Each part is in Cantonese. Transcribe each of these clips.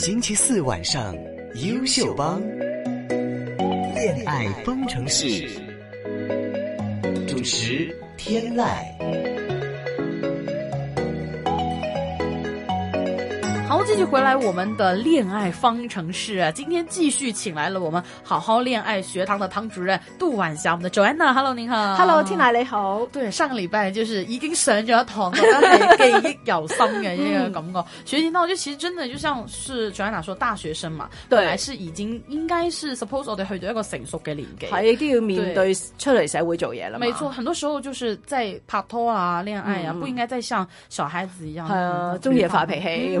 星期四晚上，優秀幫戀愛方程式主持天籟。.好，繼續回來我們的戀愛方程式啊，今天繼續請來了我們好好戀愛學堂的湯主任杜婉霞，我們的 Joanna，Hello 您好，Hello 天大你好，對，上個禮拜就是已經上咗一堂，咁樣記憶猶新嘅呢個感覺，所以呢，我就其實真的就像是 Joanna 說大學生嘛，對，是已經應該是 suppose 我哋去到一個成熟嘅年紀，係都要面對出嚟社會做嘢啦，沒錯，很多時候就是在拍拖啊、戀愛啊，不應該再像小孩子一樣，係啊，中意發脾氣。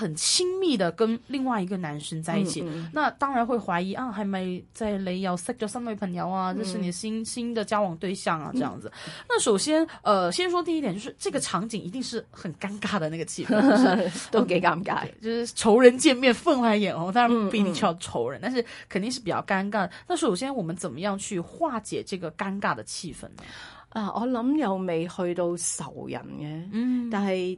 很親密的跟另外一個男生在一起，嗯嗯、那當然會懷疑啊，係咪在雷耀識到三位朋友啊？嗯、這是你新新的交往對象啊？這樣子。嗯、那首先，呃，先說第一點，就是這個場景一定是很尷尬的那個氣氛，嗯、是 都幾尷尬、嗯，就是仇人見面，分外眼紅。當然不一定叫仇人，嗯嗯、但是肯定是比較尷尬。那首先，我們怎麼樣去化解這個尷尬的氣氛呢？啊，我諗又未去到仇人嘅，嗯，但係。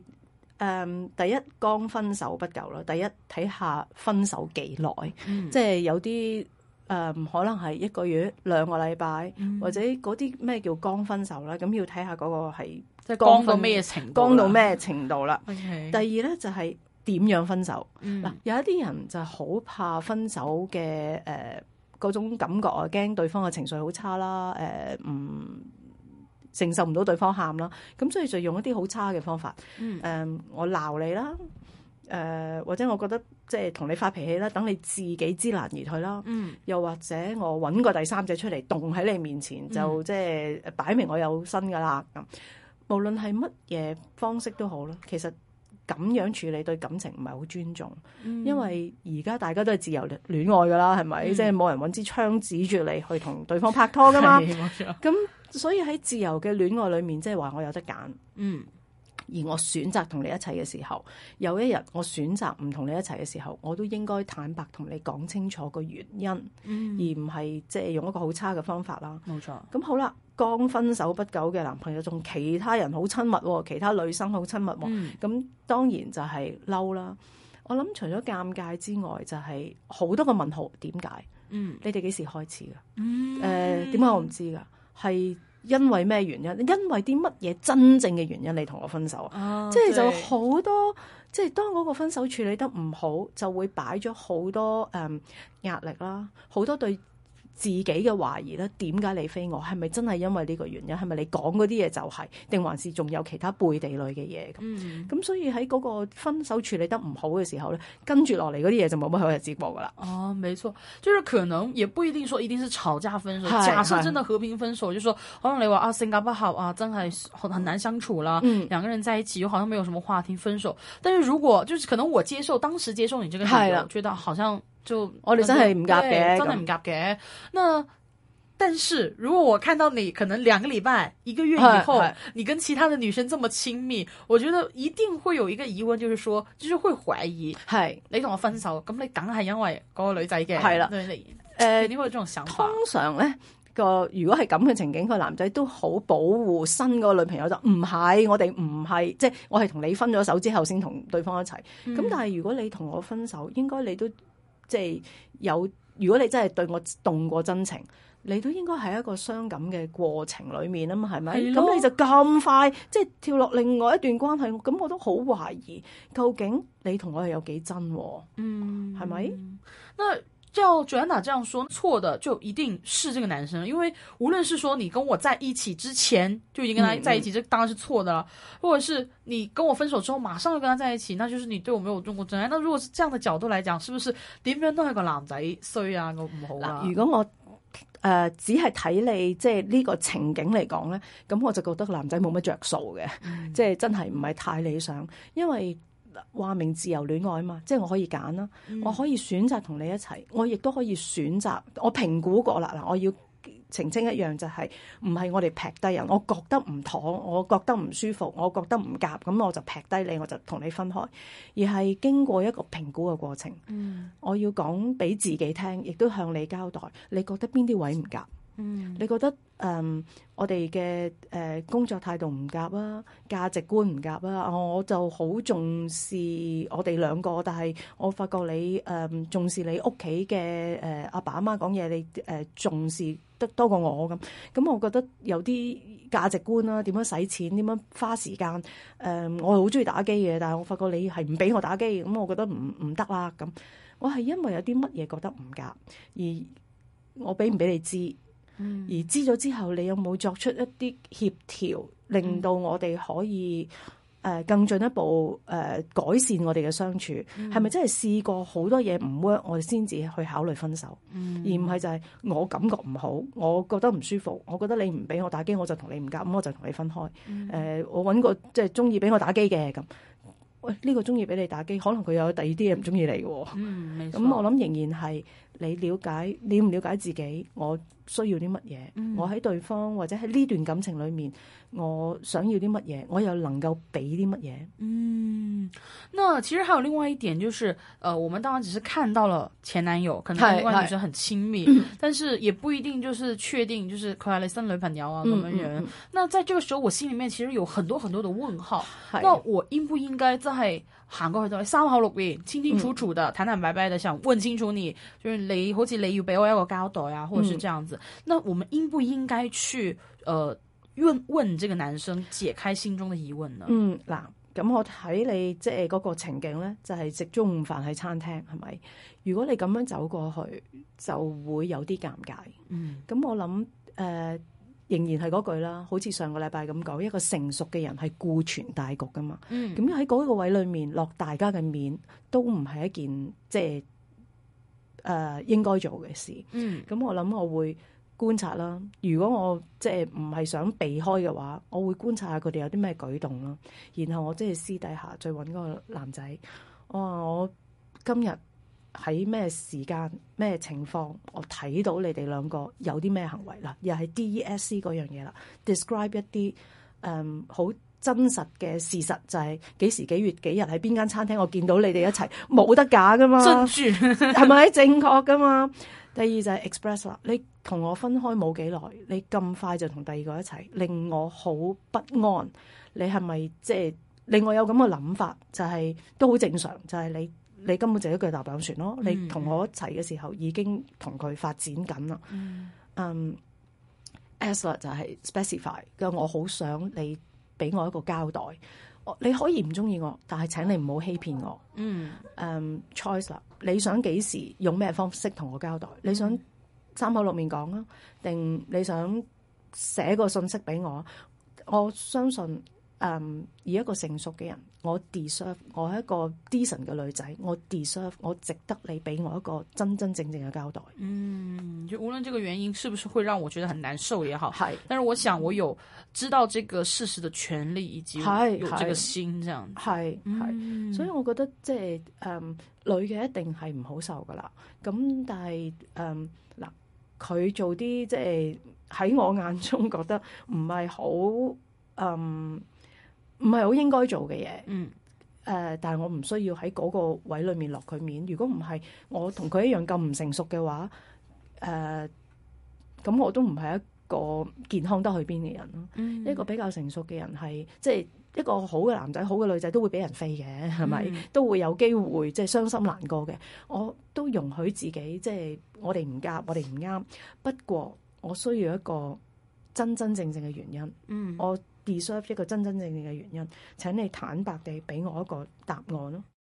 誒第一，剛分手不夠啦。第一睇下分手幾耐，嗯、即係有啲誒、呃、可能係一個月兩個禮拜，嗯、或者嗰啲咩叫剛分手啦。咁要睇下嗰個係即係剛到咩程度，剛到咩程度啦。Okay, 第二呢就係、是、點樣分手。嗱、嗯呃，有一啲人就好怕分手嘅誒嗰種感覺啊，驚對方嘅情緒好差啦。誒、呃、嗯。承受唔到對方喊啦，咁所以就用一啲好差嘅方法，誒、嗯呃、我鬧你啦，誒、呃、或者我覺得即係同你發脾氣啦，等你自己知難而退啦，嗯、又或者我揾個第三者出嚟，動喺你面前就即係擺明我有新噶啦，咁無論係乜嘢方式都好啦，其實咁樣處理對感情唔係好尊重，嗯、因為而家大家都係自由戀愛噶啦，係咪？嗯、即係冇人揾支槍指住你去同對方拍拖噶嘛，咁、 嗯。 嗯嗯 所以喺自由嘅戀愛裏面，即係話我有得揀，嗯。而我選擇同你一齊嘅時候，有一日我選擇唔同你一齊嘅時候，我都應該坦白同你講清楚個原因，嗯、而唔係即係用一個好差嘅方法啦。冇錯。咁好啦，剛分手不久嘅男朋友，仲其他人好親密、啊，其他女生好親密、啊，咁、嗯、當然就係嬲啦。我諗除咗尷尬之外，就係、是、好多個問號，點解？嗯，你哋幾時開始㗎？嗯，誒點解我唔知㗎、嗯？係因為咩原因？因為啲乜嘢真正嘅原因，你同我分手啊？Oh, 即係就好多，對即係當嗰個分手處理得唔好，就會擺咗好多誒 um, 壓力啦，好多對。自己嘅懷疑咧，點解你飛我？係咪真係因為呢個原因？係咪你講嗰啲嘢就係，定還是仲有其他背地裏嘅嘢咁？咁所以喺嗰個分手處理得唔好嘅時候咧，跟住落嚟嗰啲嘢就冇乜好日子過噶啦。哦，沒錯，就是可能也不一定說一定是吵架分手。假設真的和平分手，就說可能你話啊，性格不合，啊，真係很很難相處啦。兩個人在一起又好像沒有什麼話題，分手。但是如果就是可能我接受當時接受你這個選擇，覺得好像。就我哋真係唔夾嘅，真係唔夾嘅。那但是如果我看到你可能兩個禮拜、一個月以後，你跟其他的女生這麼親密，我覺得一定會有一個疑問，就是說，就是會懷疑，係你同我分手，咁你梗係因為嗰個女仔嘅，係啦。誒，點解仲咁樣想？通常呢個如果係咁嘅情景，個男仔都好保護新個女朋友，就唔係我哋唔係，即係我係同你分咗手之後先同對方一齊。咁但係如果你同我分手，應該你都即係有，如果你真係對我動過真情，你都應該喺一個傷感嘅過程裡面啊嘛，係咪？咁咯你就咁快即係跳落另外一段關係，我咁我都好懷疑，究竟你同我係有幾真，哦？嗯，係咪吧、嗯？那照 Joanna 這樣說錯的就一定是這個男生，因為無論是說你跟我在一起之前就已經跟他在一起，這、嗯、當然是錯的啦，或者是你跟我分手之後馬上就跟他在一起，那就是你對我沒有用過真愛。那如果是這樣的角度來講，是不是點樣都係個男仔衰啊？唔好啊？如果我誒、呃、只係睇你即係呢個情景嚟講咧，咁我就覺得男仔冇乜着數嘅，嗯、即係真係唔係太理想，因為話明自由戀愛嘛，即係我可以揀啦，我可以選擇同、嗯、你一齊，我亦都可以選擇。我評估過啦，嗱，我要澄清一樣就係、是，唔係我哋劈低人，我覺得唔妥，我覺得唔舒服，我覺得唔夾，咁我就劈低你，我就同你分開，而係經過一個評估嘅過程。嗯、我要講俾自己聽，亦都向你交代，你覺得邊啲位唔夾？嗯，你覺得誒、嗯，我哋嘅誒工作態度唔夾啊，價值觀唔夾啊，我就好重視我哋兩個，但係我發覺你誒、呃、重視你屋企嘅誒阿爸阿媽講嘢，你誒、呃、重視得多過我咁。咁我覺得有啲價值觀啦、啊，點樣使錢，點樣花時間誒、嗯？我好中意打機嘅，但係我發覺你係唔俾我打機，咁我覺得唔唔得啦。咁我係因為有啲乜嘢覺得唔夾，而我俾唔俾你知？嗯、而知咗之後，你有冇作出一啲協調，令到我哋可以誒、嗯呃、更進一步誒、呃、改善我哋嘅相處？係咪、嗯、真係試過好多嘢唔 work，我哋先至去考慮分手，嗯、而唔係就係我感覺唔好，我覺得唔舒服，我覺得你唔俾我打機，我就同你唔夾，咁我就同你分開。誒、嗯呃，我揾個即係中意俾我打機嘅咁。喂，呢、欸呢個中意俾你打機，可能佢有第二啲嘢唔中意你嘅。嗯，咁我諗仍然係你了解你了唔了解自己，我。需要啲乜嘢？我喺對方或者喺呢段感情裏面，我想要啲乜嘢？我又能夠俾啲乜嘢？嗯，那其實還有另外一點，就是，誒、呃，我們當然只是看到了前男友，可能跟另外女生很親密，是是但是也不一定就是確定，就是佢係你新女朋友啊，咁樣樣？嗯嗯嗯、那在這個時候，我心裏面其實有很多很多的問號。的那我應不應該在？行過去都係三口六面，清清楚楚的，嗯、坦坦白白的，想問清楚你，就是、你好似你要俾我一個交代啊，或者是這樣子，嗯、那我們應不應該去，誒、呃，問問這個男生解開心中的疑問呢？嗯，嗱，咁我睇你即係嗰個情景呢，就係、是、食中午飯喺餐廳，係咪？如果你咁樣走過去，就會有啲尷尬。嗯，咁我諗，誒、呃。仍然係嗰句啦，好似上個禮拜咁講，一個成熟嘅人係顧全大局㗎嘛。咁喺嗰個位裏面落大家嘅面，都唔係一件即係誒應該做嘅事。咁、嗯、我諗我會觀察啦。如果我即係唔係想避開嘅話，我會觀察下佢哋有啲咩舉動咯。然後我即係、就是、私底下再搵個男仔，我話我今日。喺咩時間咩情況，我睇到你哋兩個有啲咩行為啦？又係 DESC 嗰樣嘢啦，describe 一啲誒好真實嘅事實，就係、是、幾時幾月幾日喺邊間餐廳，我見到你哋一齊，冇得假噶嘛，係咪正確噶嘛？第二就係 express 啦，你同我分開冇幾耐，你咁快就同第二個一齊，令我好不安。你係咪即係令我有咁嘅諗法？就係、是、都好正常，就係、是、你。你根本就一腳踏兩船咯！你同我一齊嘅時候已經同佢發展緊啦。嗯，asla、mm hmm. um, 就係、是、specify，就我好想你俾我一個交代。你可以唔中意我，但係請你唔好欺騙我。嗯、mm hmm. um,，choice 你想幾時用咩方式同我交代？Mm hmm. 你想三口六面講啊，定你想寫個信息俾我？我相信。誒，um, 而一個成熟嘅人，我 deserve，我係一個 decent 嘅女仔，我 deserve，我值得你俾我一個真真正正嘅交代。嗯，就無論這個原因是不是會讓我覺得很難受也好，係是，但是我想我有知道這個事實嘅權利，以及有這個心這樣，係係，嗯、所以我覺得即係誒、呃、女嘅一定係唔好受㗎喇。咁但係誒嗱，佢、呃、做啲即係喺我眼中覺得唔係好誒。呃唔係好應該做嘅嘢，誒、嗯呃，但係我唔需要喺嗰個位裏面落佢面。如果唔係，我同佢一樣咁唔成熟嘅話，誒、呃，咁我都唔係一個健康得去邊嘅人咯。嗯嗯一個比較成熟嘅人係，即、就、係、是、一個好嘅男仔、好嘅女仔都會俾人飛嘅，係咪？嗯嗯都會有機會即係、就是、傷心難過嘅。我都容許自己，即、就、係、是、我哋唔夾，我哋唔啱。不過我需要一個。真真正正嘅原因，嗯、我 deserve 一個真真正正嘅原因。請你坦白地俾我一個答案囉。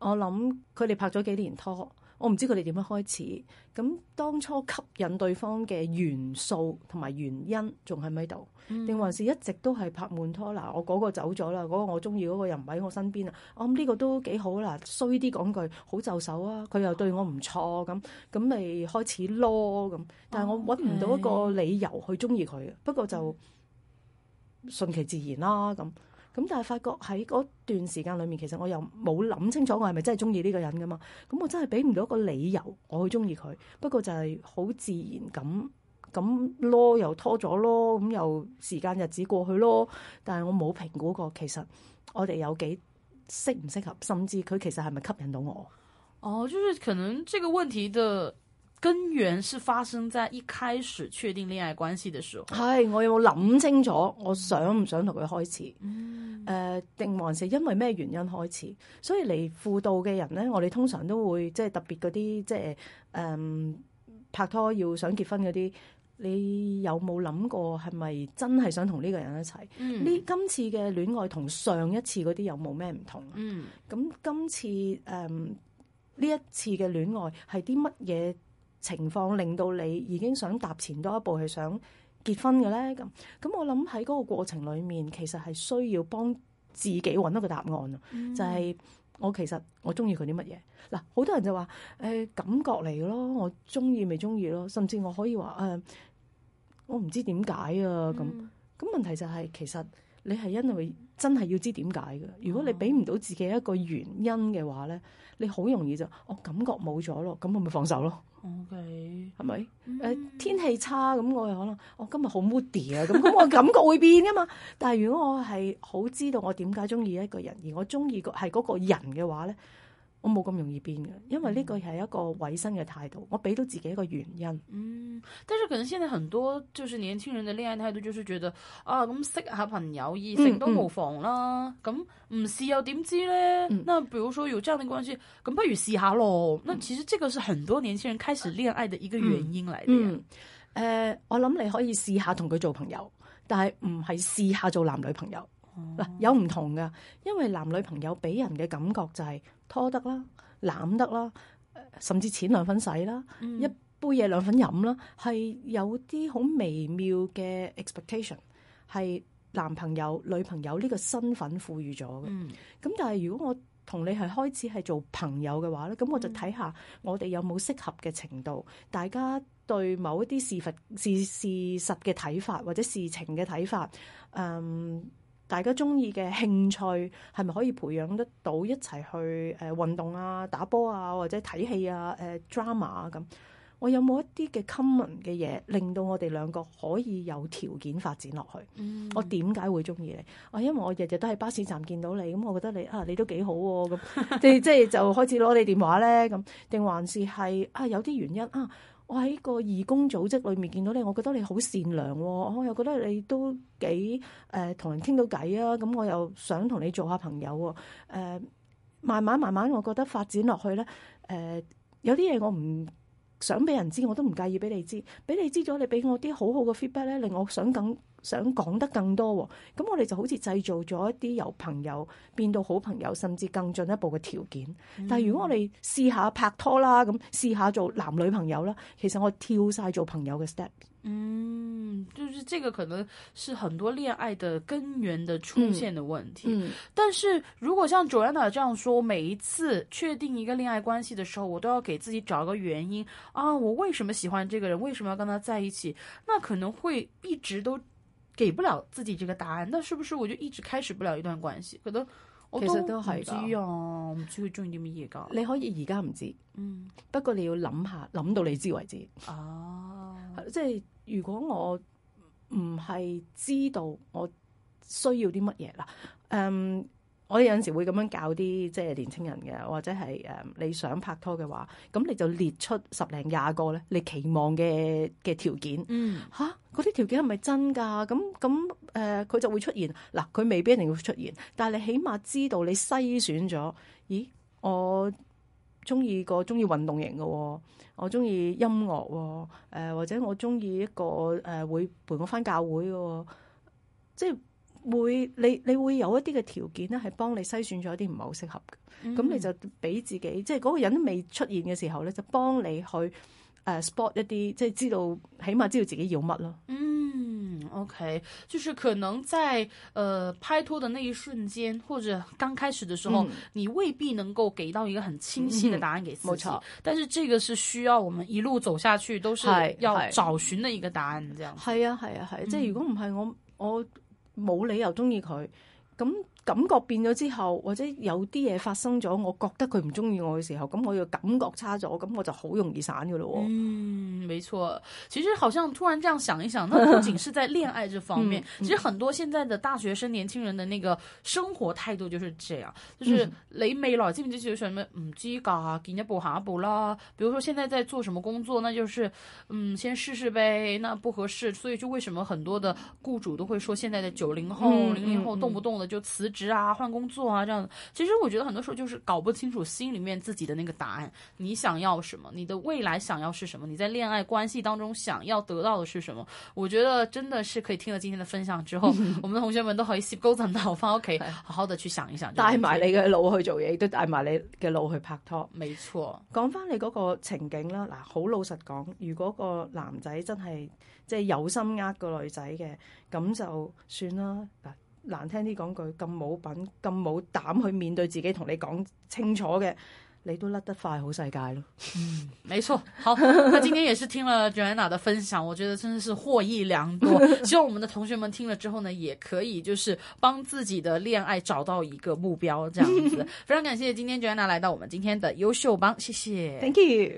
我諗佢哋拍咗幾年拖，我唔知佢哋點樣開始。咁當初吸引對方嘅元素同埋原因，仲喺咪度？定還是一直都係拍滿拖？嗱，我嗰個走咗啦，嗰個我中意嗰個又唔喺我身邊啊！我諗呢個都幾好啦，衰啲講句，好就手啊！佢又對我唔錯，咁咁咪開始囉咁。但係我揾唔到一個理由去中意佢。Okay. 不過就順其自然啦、啊，咁。咁但係發覺喺嗰段時間裏面，其實我又冇諗清楚我是是，嗯，我係咪真係中意呢個人噶嘛？咁我真係俾唔到一個理由，我去中意佢。不過就係好自然咁咁咯，又拖咗咯，咁又時間日子過去咯。但係我冇評估過，其實我哋有幾適唔適合，甚至佢其實係咪吸引到我？哦，就是可能這個問題的。根源是發生在一開始確定戀愛關係的時候，係我有冇諗清楚，我想唔想同佢開始？誒、嗯、定、呃、還是因為咩原因開始？所以嚟輔導嘅人咧，我哋通常都會即係特別嗰啲即係誒、嗯、拍拖要想結婚嗰啲，你有冇諗過係咪真係想同呢個人一齊？呢、嗯、今次嘅戀愛同上一次嗰啲有冇咩唔同嗯？嗯，咁今次誒呢一次嘅戀愛係啲乜嘢？情況令到你已經想踏前多一步，係想結婚嘅咧。咁咁，我諗喺嗰個過程裏面，其實係需要幫自己搵一個答案、嗯、就係我其實我中意佢啲乜嘢嗱。好多人就話誒、欸、感覺嚟咯，我中意咪中意咯。甚至我可以話誒、呃，我唔知點解啊。咁咁、嗯、問題就係、是、其實你係因為真係要知點解嘅。如果你俾唔到自己一個原因嘅話咧，哦、你好容易就我感覺冇咗咯。咁我咪放手咯。O K，係咪？誒 Okay,，嗯、天氣差咁，我又可能我、哦、今日好 moody 啊，咁咁我感覺會變噶嘛。 但係如果我係好知道我點解中意一個人，而我中意個係嗰個人嘅話咧。我冇咁容易變嘅，因為呢個係一個委身嘅態度。我俾到自己一個原因。嗯，但是可能現在很多就是年輕人嘅戀愛態度，就是覺得啊，咁識下朋友異性都無妨啦。咁唔試又點知呢？」那比如說有這樣的關係，咁不如試下咯。嗯、那其實這個是很多年輕人開始戀愛的一個原因嚟嘅。誒、嗯嗯呃，我諗你可以試下同佢做朋友，但係唔係試下做男女朋友。嗯、有唔同㗎，因為男女朋友俾人嘅感覺就係拖得啦、攬得啦、呃，甚至錢兩份洗啦，嗯、一杯嘢兩份飲啦，係有啲好微妙嘅 expectation，係男朋友、女朋友呢個身份賦予咗嘅。咁、嗯、但係如果我同你係開始係做朋友嘅話咧，咁我就睇下我哋有冇適合嘅程度，嗯、大家對某一啲事實事事實嘅睇法或者事情嘅睇法，嗯。大家中意嘅興趣係咪可以培養得到一齊去誒、呃、運動啊、打波啊，或者睇戲啊、誒、呃、drama 啊咁？我有冇一啲嘅 common 嘅嘢，令到我哋兩個可以有條件發展落去？嗯、我點解會中意你啊？因為我日日都喺巴士站見到你，咁我覺得你啊，你都幾好喎、啊。咁 即係即係就開始攞你電話咧咁，定還是係啊有啲原因啊？我喺個義工組織裏面見到你，我覺得你好善良喎，我又覺得你都幾誒同、呃、人傾到偈啊，咁我又想同你做下朋友誒、呃，慢慢慢慢我覺得發展落去咧，誒、呃、有啲嘢我唔想俾人知，我都唔介意俾你知，俾你知咗你俾我啲好好嘅 feedback 咧，令我想更想講得更多，哦，咁我哋就好似製造咗一啲由朋友變到好朋友，甚至更進一步嘅條件。但係如果我哋試下拍拖啦，咁試下做男女朋友啦，其實我跳晒做朋友嘅 step。嗯，就是這個可能是很多戀愛的根源的出現的問題。嗯嗯、但是如果像 Joanna 這樣說，每一次確定一個戀愛關係的時候，我都要給自己找一個原因啊，我為什麼喜歡這個人？為什麼要跟他在一起？那可能會一直都，給不了自己這個答案，那是不是我就一直開始不了一段關係？可能我都唔知呀、啊，唔知佢中意啲乜嘢噶。你可以而家唔知，嗯，不過你要諗下，諗到你知為止。哦，即係 如果我唔係知道我需要啲乜嘢啦，嗯。我哋有陣時會咁樣教啲即係年青人嘅，或者係誒、um, 你想拍拖嘅話，咁你就列出十零廿個咧，你期望嘅嘅條件。嗯，嚇嗰啲條件係咪真㗎？咁咁誒，佢、呃、就會出現嗱，佢未必一定要出現，但係你起碼知道你篩選咗。咦，我中意個中意運動型嘅喎、哦，我中意音樂喎、哦呃，或者我中意一個誒、呃、會陪我返教會嘅喎、哦，即係。會你你會有一啲嘅條件咧，係幫你篩選咗一啲唔係好適合嘅。咁你就俾自己，即係嗰個人都未出現嘅時候咧，就幫你去誒 spot 一啲，即係知道起碼知道自己要乜咯。嗯，OK，就是可能在誒、呃、拍拖嘅那一瞬間，或者剛開始嘅時候，嗯，你未必能夠給到一個很清晰嘅答案給自己。冇錯、嗯，嗯，但是這個是需要我們一路走下去，都是要找尋的一個答案。這樣係啊係啊係，即係如果唔係我我。我我我冇理由鍾意佢，咁。感覺變咗之後，或者有啲嘢發生咗，我覺得佢唔中意我嘅時候，咁我又感覺差咗，咁我就好容易散噶咯。嗯，沒錯。其實好像突然這樣想一想，那不僅是在戀愛這方面， 嗯、其實很多現在的大學生、年輕人的那個生活態度就是這樣，就是、嗯、你未來知唔知就選咩唔知㗎、啊，見一步下一步啦。比如說，現在在做什麼工作，那就是嗯先試試唄，那不合適，所以就為什麼很多的雇主都會說，現在的九零後、零零後動不動的就辭職。嗯嗯嗯。啊，換工作啊，這樣子。其實我覺得很多時候就是搞不清楚心裏面自己的那個答案。你想要什麼？你的未來想要是什麼？你在戀愛關係當中想要得到的是什麼？我覺得真的是可以聽到今天的分享之後， 我們的同學們都可以攝高枕頭翻屋企， 好好的去想一想。帶埋你嘅腦去做嘢，都帶埋你嘅腦去拍拖。沒錯錯。講翻你嗰個情景啦，嗱，好老實講，如果個男仔真係即係有心呃個女仔嘅，咁就算啦。難聽啲講句，咁冇品，咁冇膽去面對自己，同你講清楚嘅，你都甩得快好世界咯。嗯，沒錯。好， 那今天也是聽了 Joanna 的分享，我覺得真的是獲益良多。 希望我們的同學們聽了之後呢，也可以就是幫自己的戀愛找到一個目標，這樣子。 非常感謝今天 Joanna 來到我們今天的優秀榜，謝謝。Thank you。